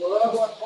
Vamos lá agora.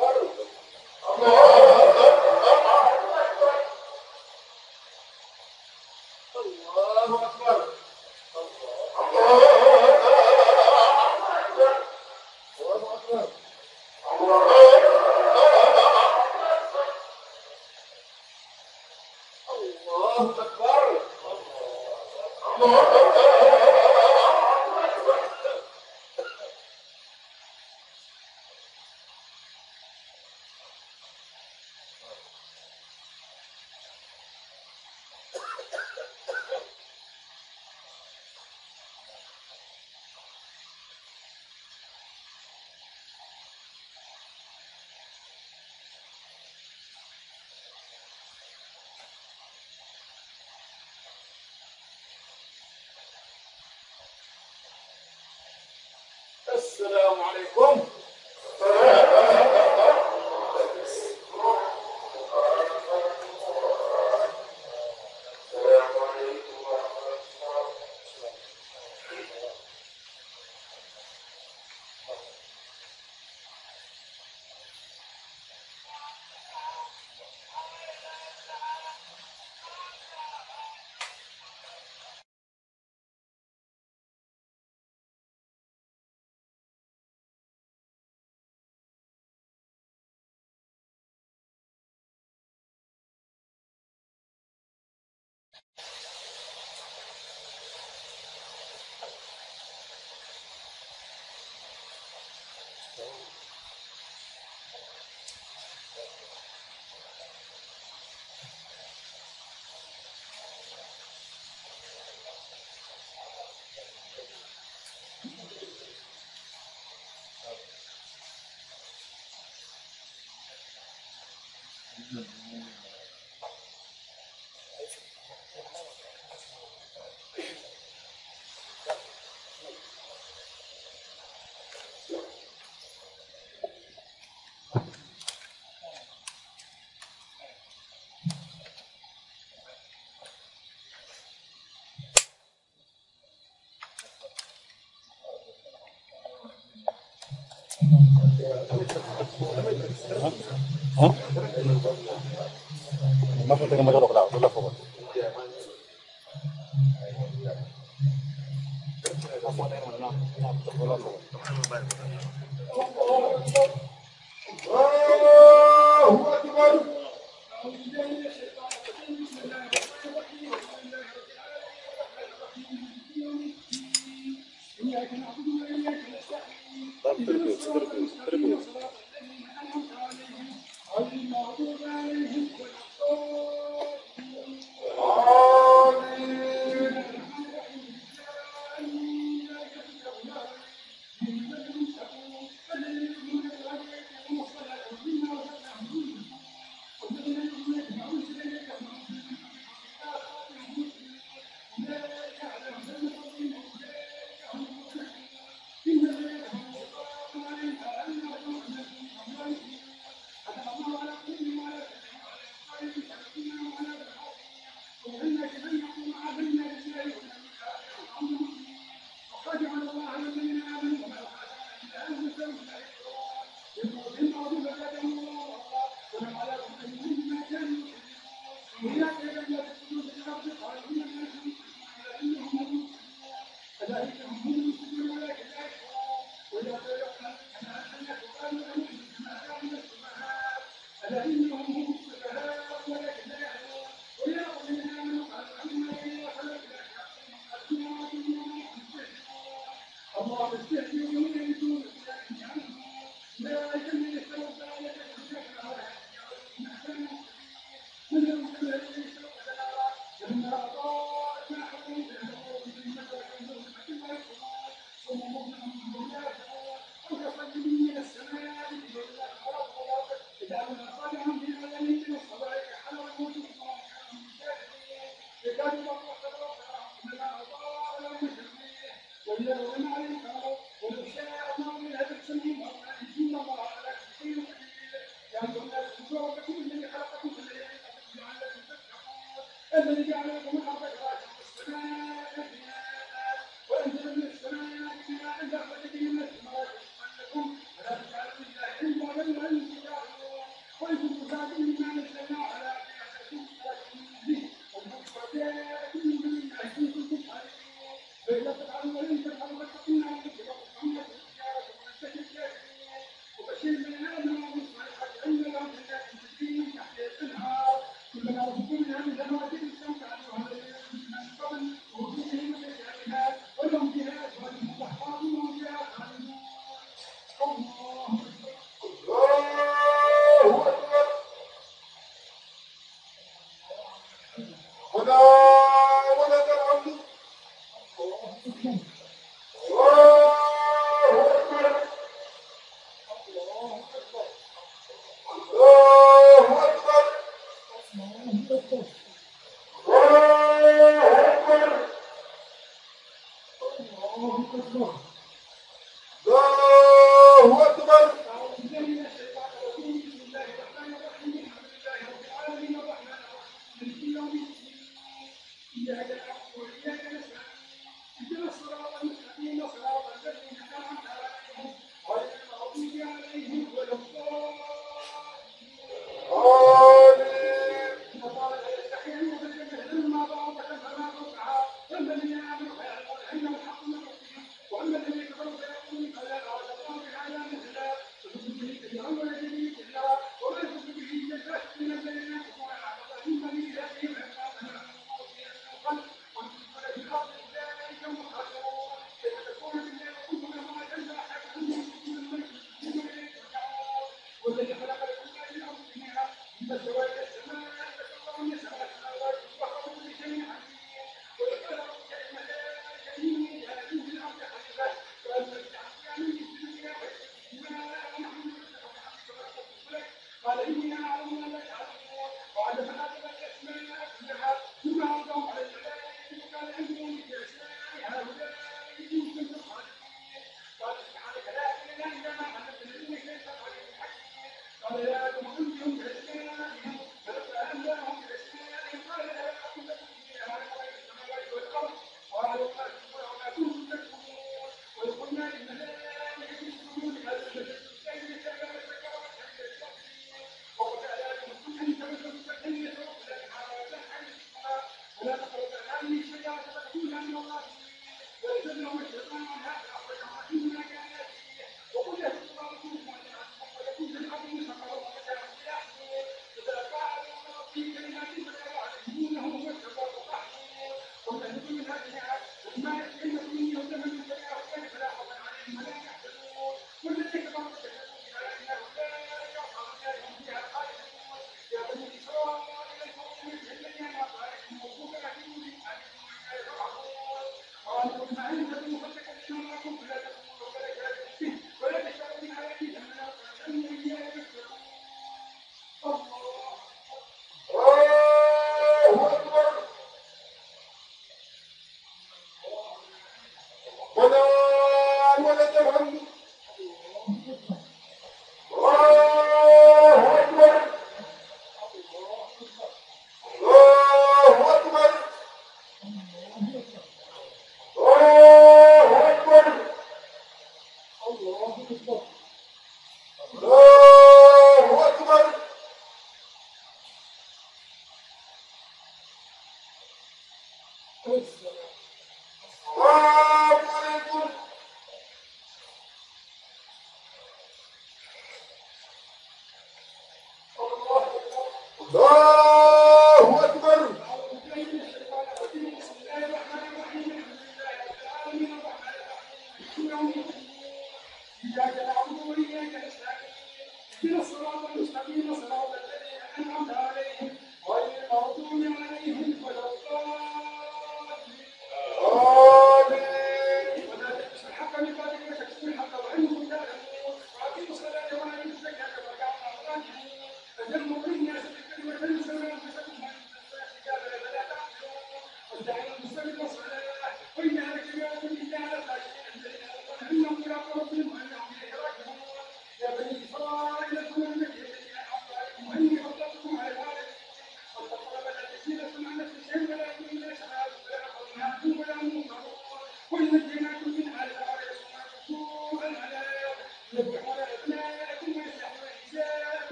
ああ me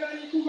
Merci. you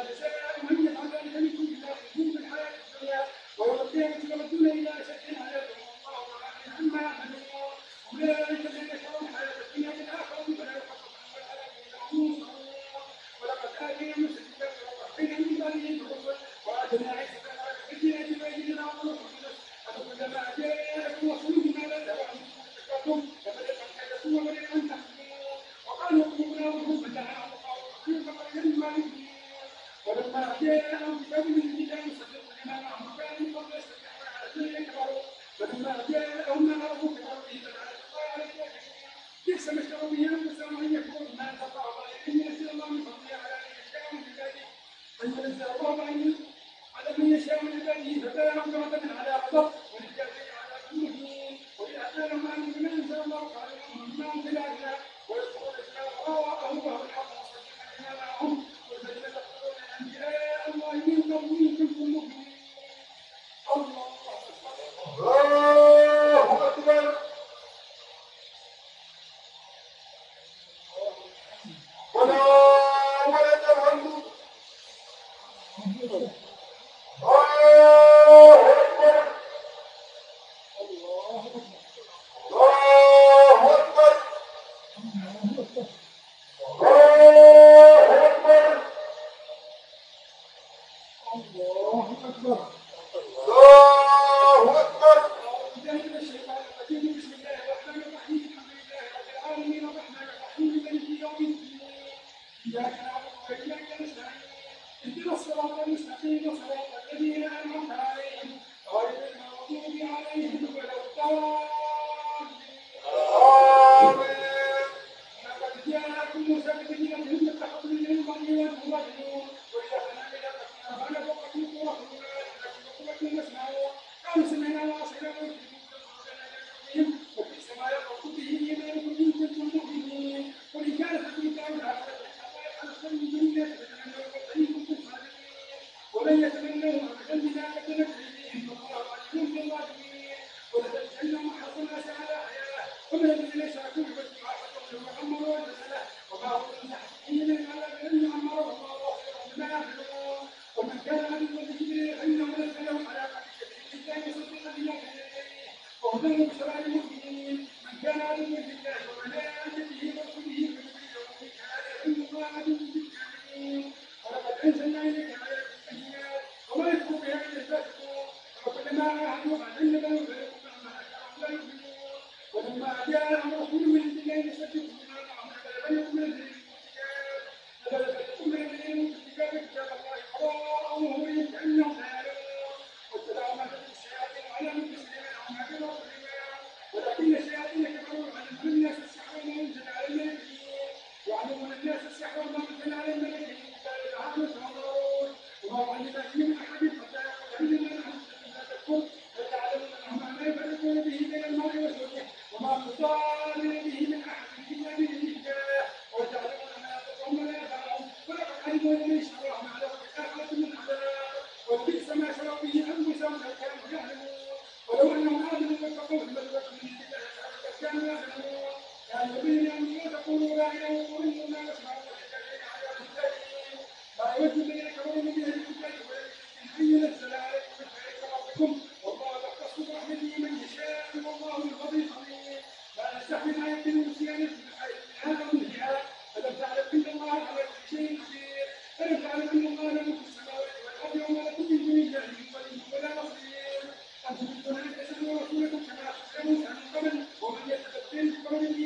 Amen. Vamos, menino, nosso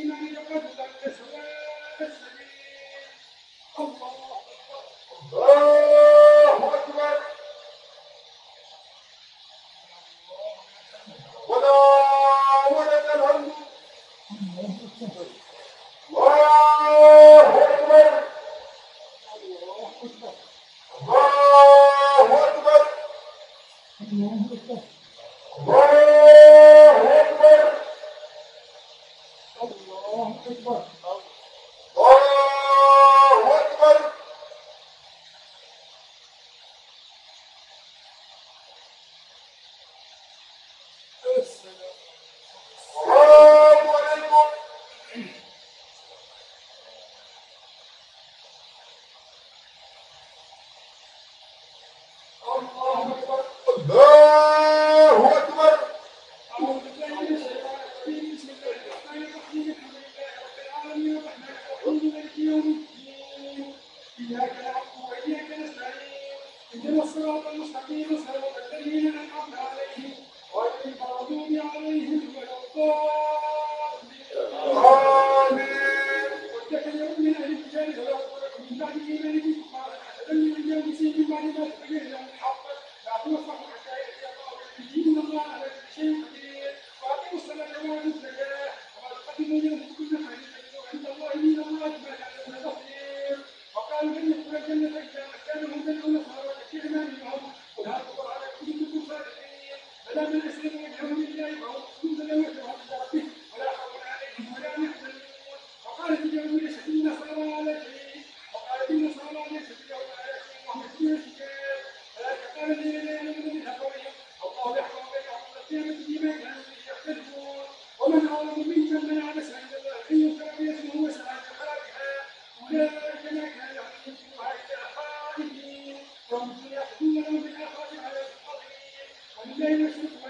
Nada con يحكون أخيرا بالأخرى على القبر والليل سكون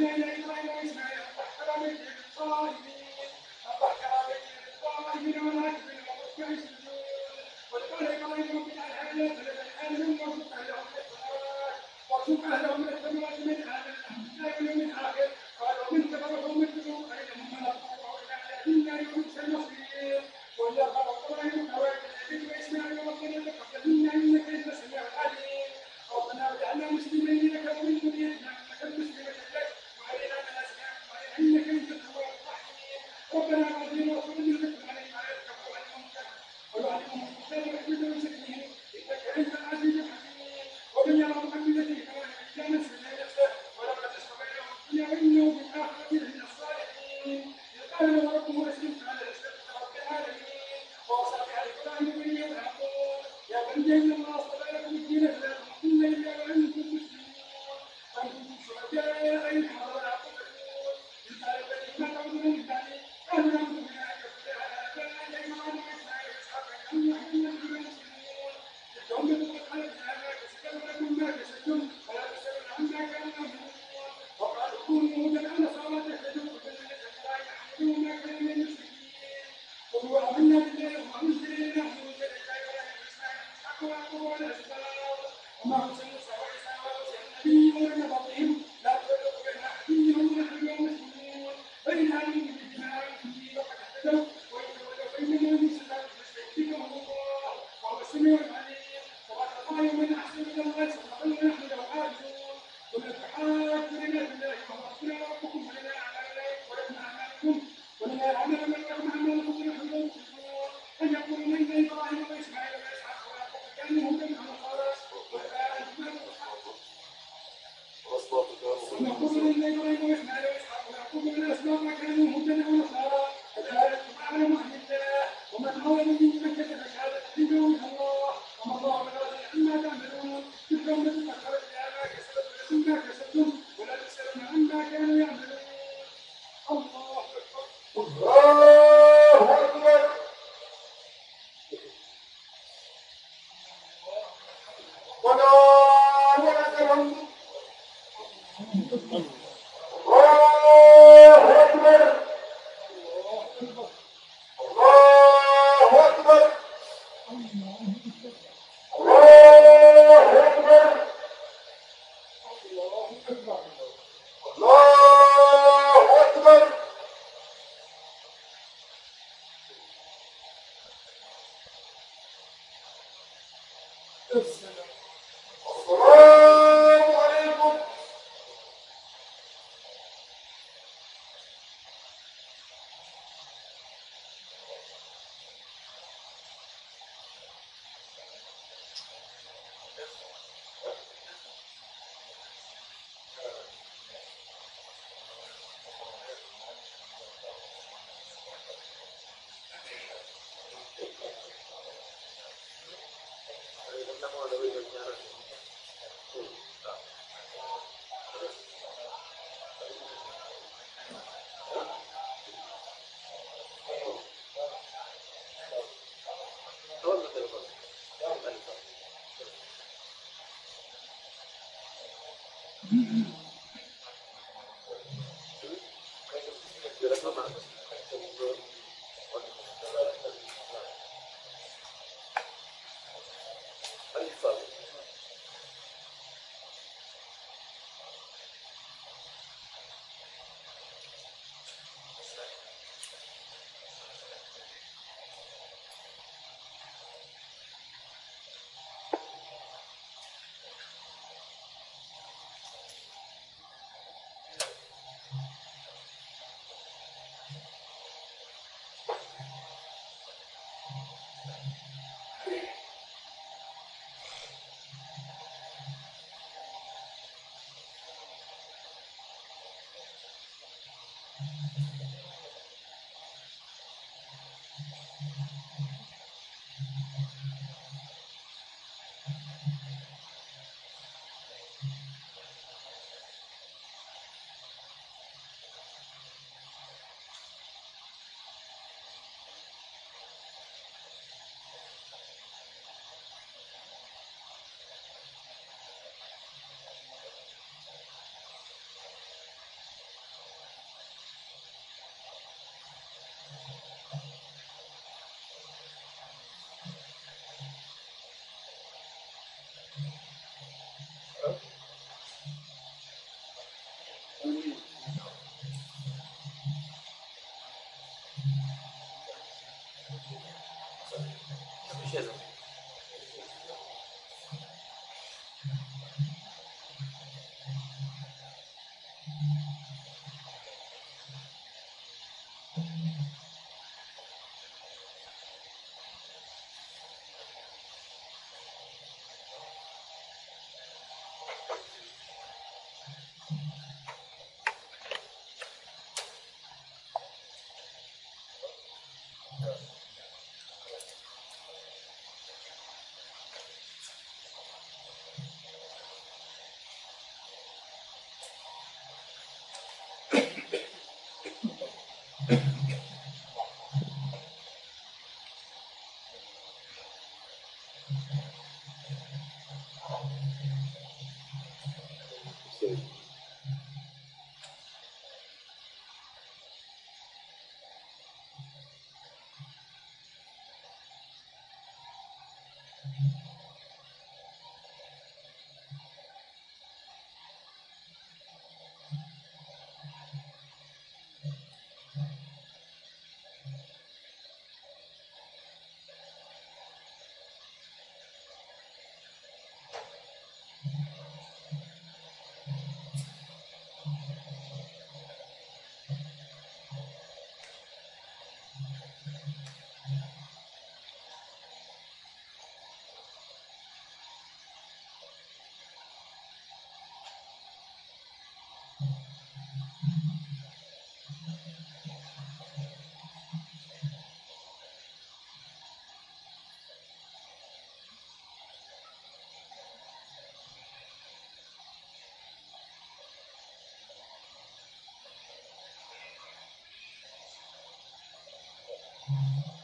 I'm Thank you. Mm-hmm. Thank you.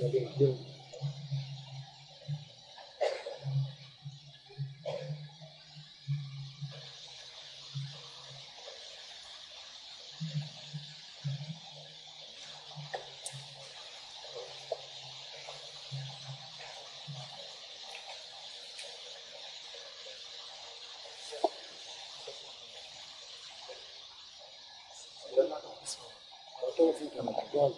那边有。我昨天他妈的。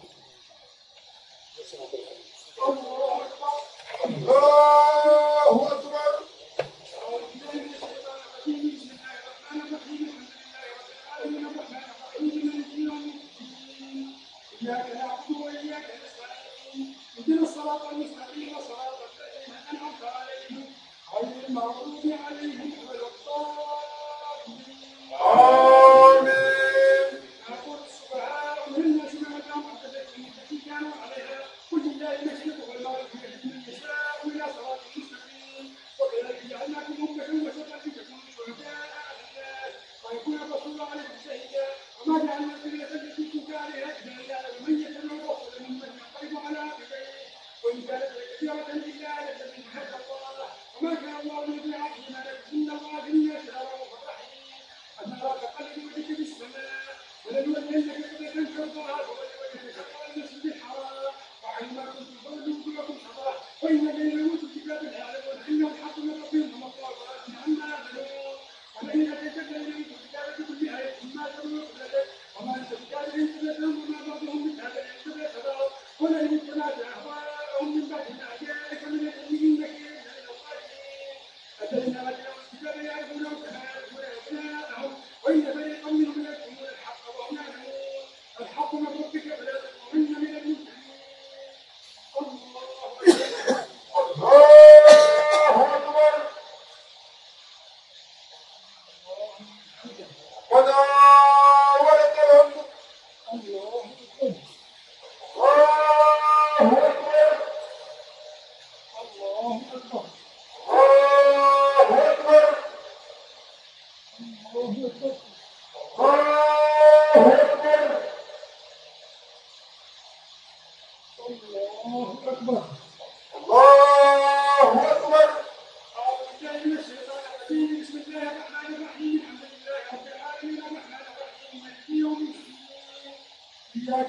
que La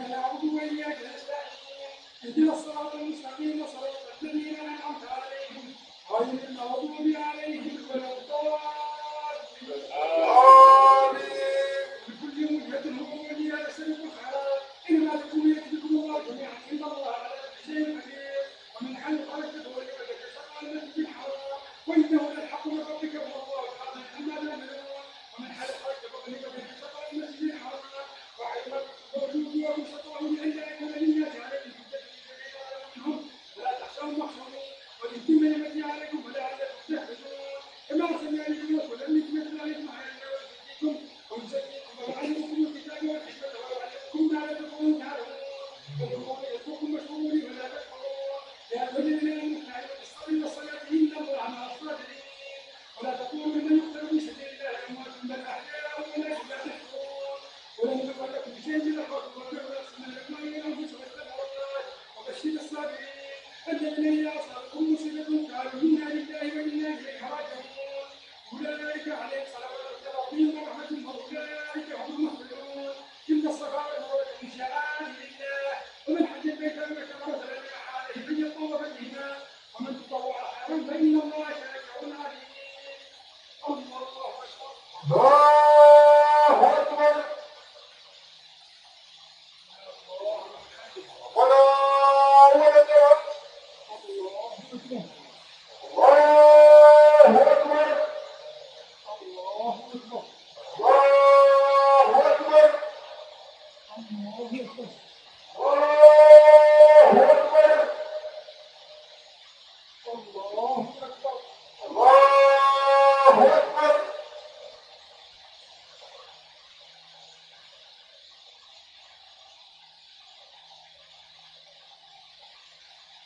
Dios solo nos camina, solo la hoy solo la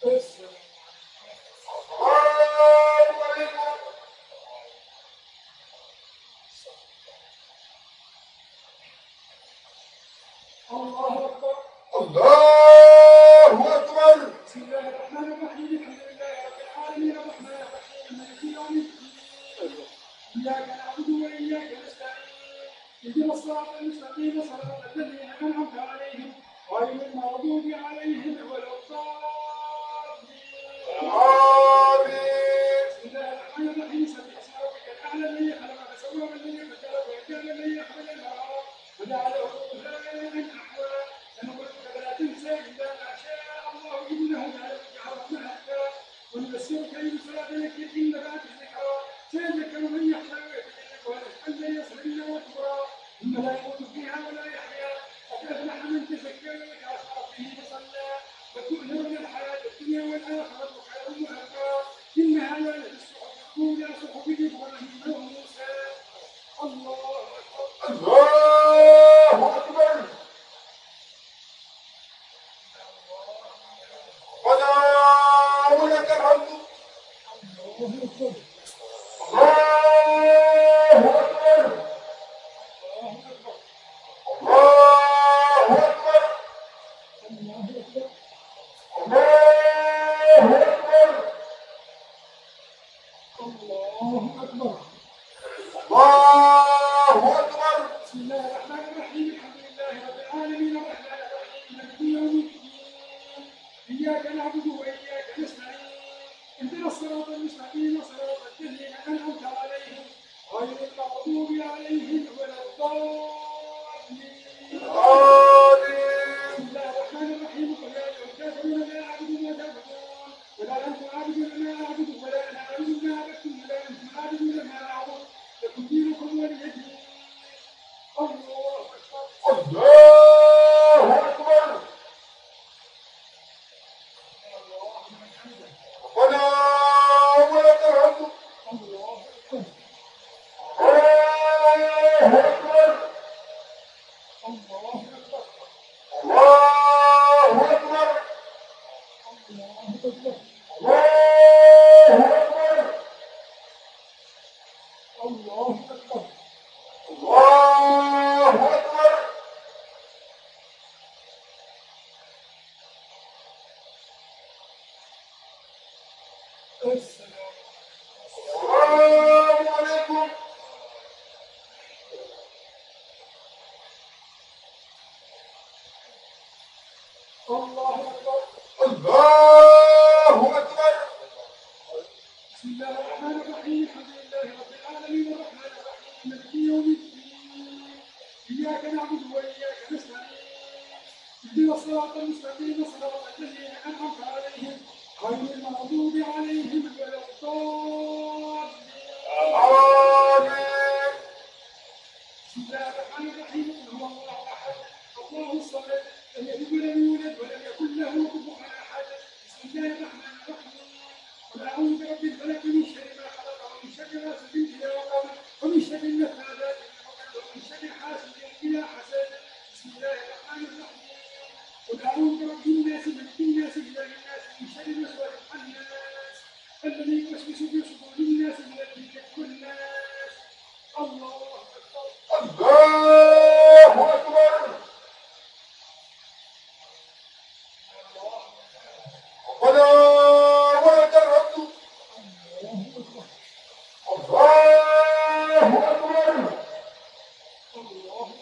This way.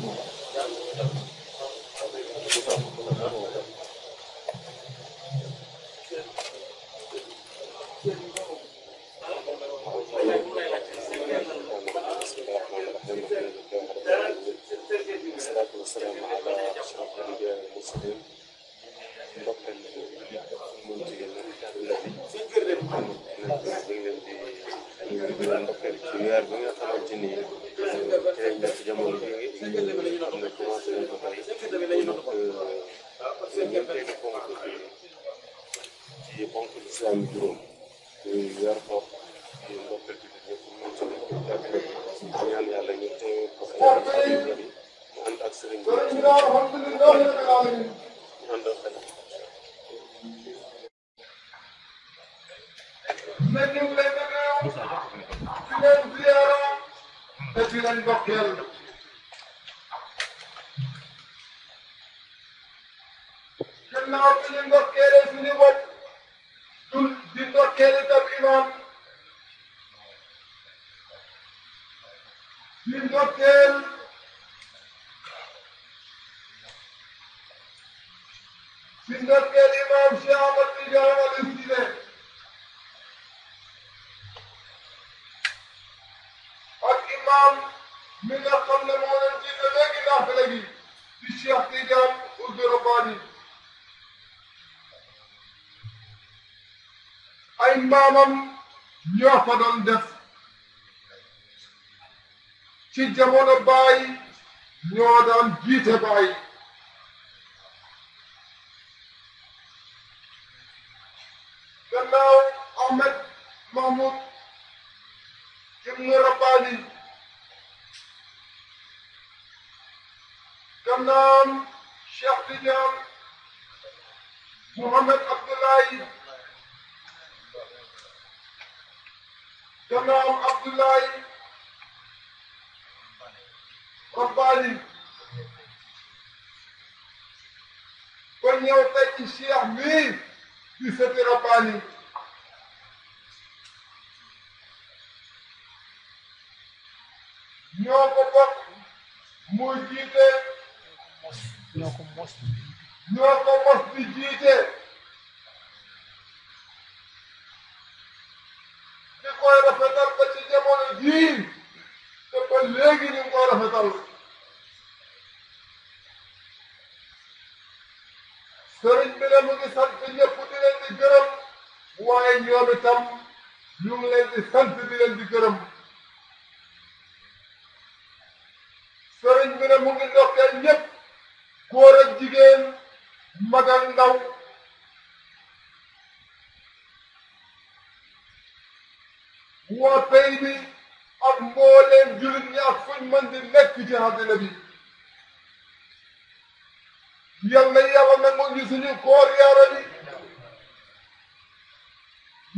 possible. nañu leen di leen ziyaara te di leen ndokkeel maamam ñoo ko doon def ci jamono baay ñoo daan jiite baay mole. ñoo ko bokk muy jiite ñoo ko mos Não leen di gërëm sëriñ bi ne mu ngi ndokkee ñëpp góor ak jigéen mag waa pay ak mbooleem jullit ñi ak fuñ mën di nekk ci àddina bi yal na yàlla nangu ñu koor yaara bi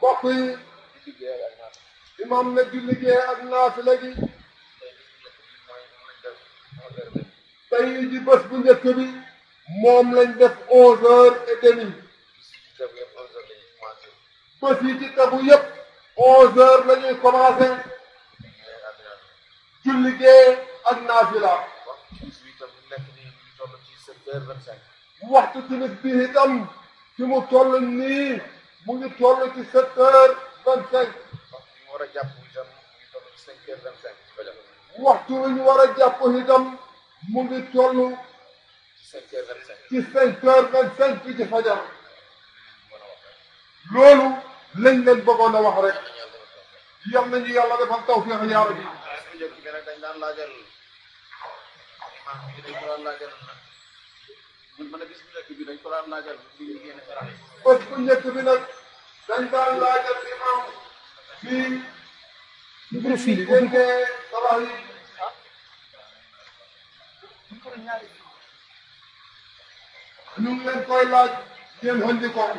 mbokk yi imam na di liggéey ak naafila gi tey ji bés bu njëkk moom lañ def onze heures et demie bés yi ci tegu yëpp julli gee ak naafila waxtu timis bi itam fi toll nii mu ngi toll ci sept heures vingt cinq. waxtu bi ñu war a jàpp itam mu ngi toll ci cinq heures vingt cinq waxtu bi ñu war a jàpp itam mu ngi toll. ci cinq heures vingt cinq ci cinq heures vingt cinq ci fajar. loolu lañ leen bëggoon a wax rek. yal nañu yàlla defal tawfiq yaa rabbi. dañ ko daan laajal. man man bis bu nekk bi dañ ko daan laajal. bés bu njëkk bi nag dañ daan laajal imam bi microphile dénkee tabax yi ñu leen koy laaj ngeen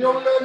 ñëw leen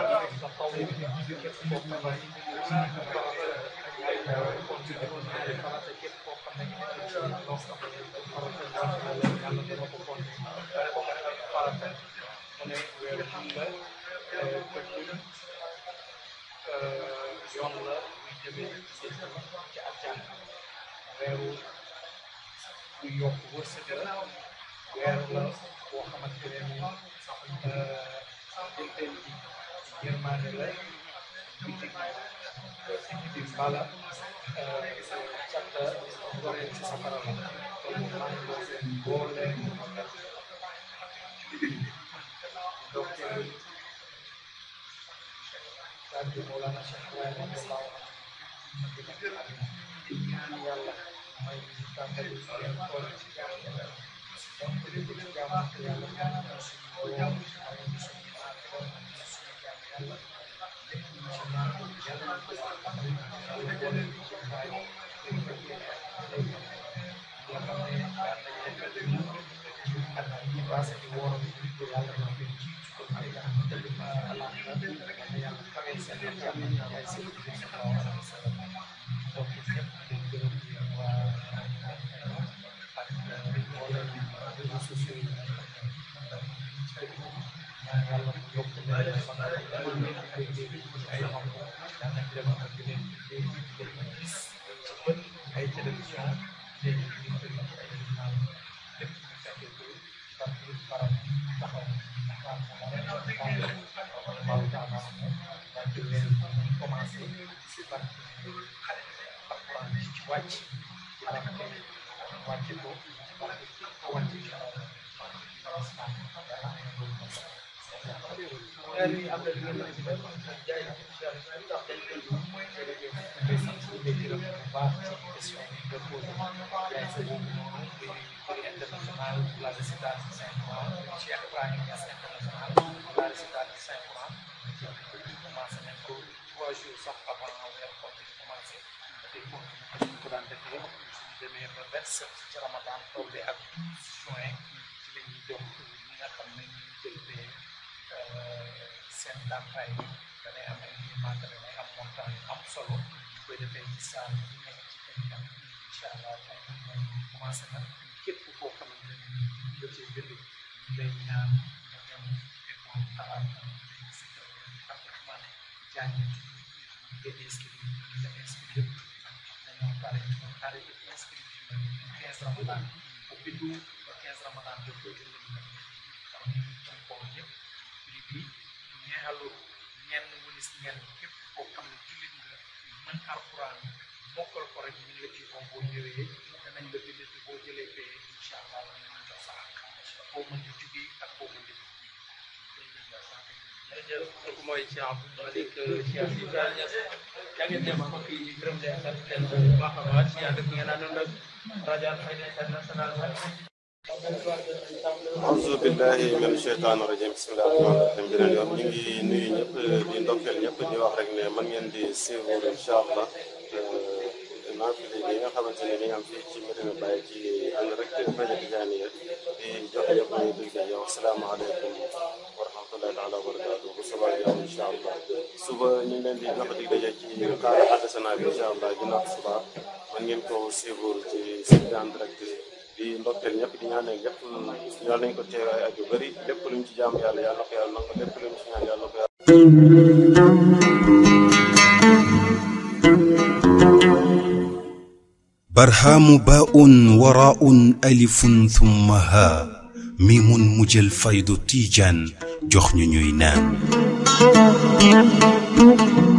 लोगों को कौन सारे को मैंने पास है उन्हें welcome Yongler Vitamin Sistem Cacan Weru Uyok Wursegera Werler Muhammad Kiremi Intensi Germane Lai Bitik Bitik Bala Chapter Lorenzi Saparama Temukan Bosen Bo Awesome. أعوذ بالله من الشيطان الرجيم بسم الله الرحمن الرحيم جينا اليوم نيجي نوي نيب دي ندوكل نيب دي واخ رك ني مان ان شاء الله ما في لي نيغا خامتاني لي ام في تي ميدو باي تي ان رك فاجا جاني دي جوخ يوب دي جاني السلام عليكم ورحمه الله تعالى وبركاته wàllu yoon incha allah suba ñu ngi leen di jox dig daje ci cadre artisanat bi incha allah ginnaaw suba man ngeen ko di ndokkeel ñëpp di ñaanal ñëpp yàlla nañ ko teewaay ak yu bëri lépp luñ ci jaamu yàlla yàlla ko yàlla nangu lépp luñ ci ñaan yàlla ko yàlla برهام باء naan Thank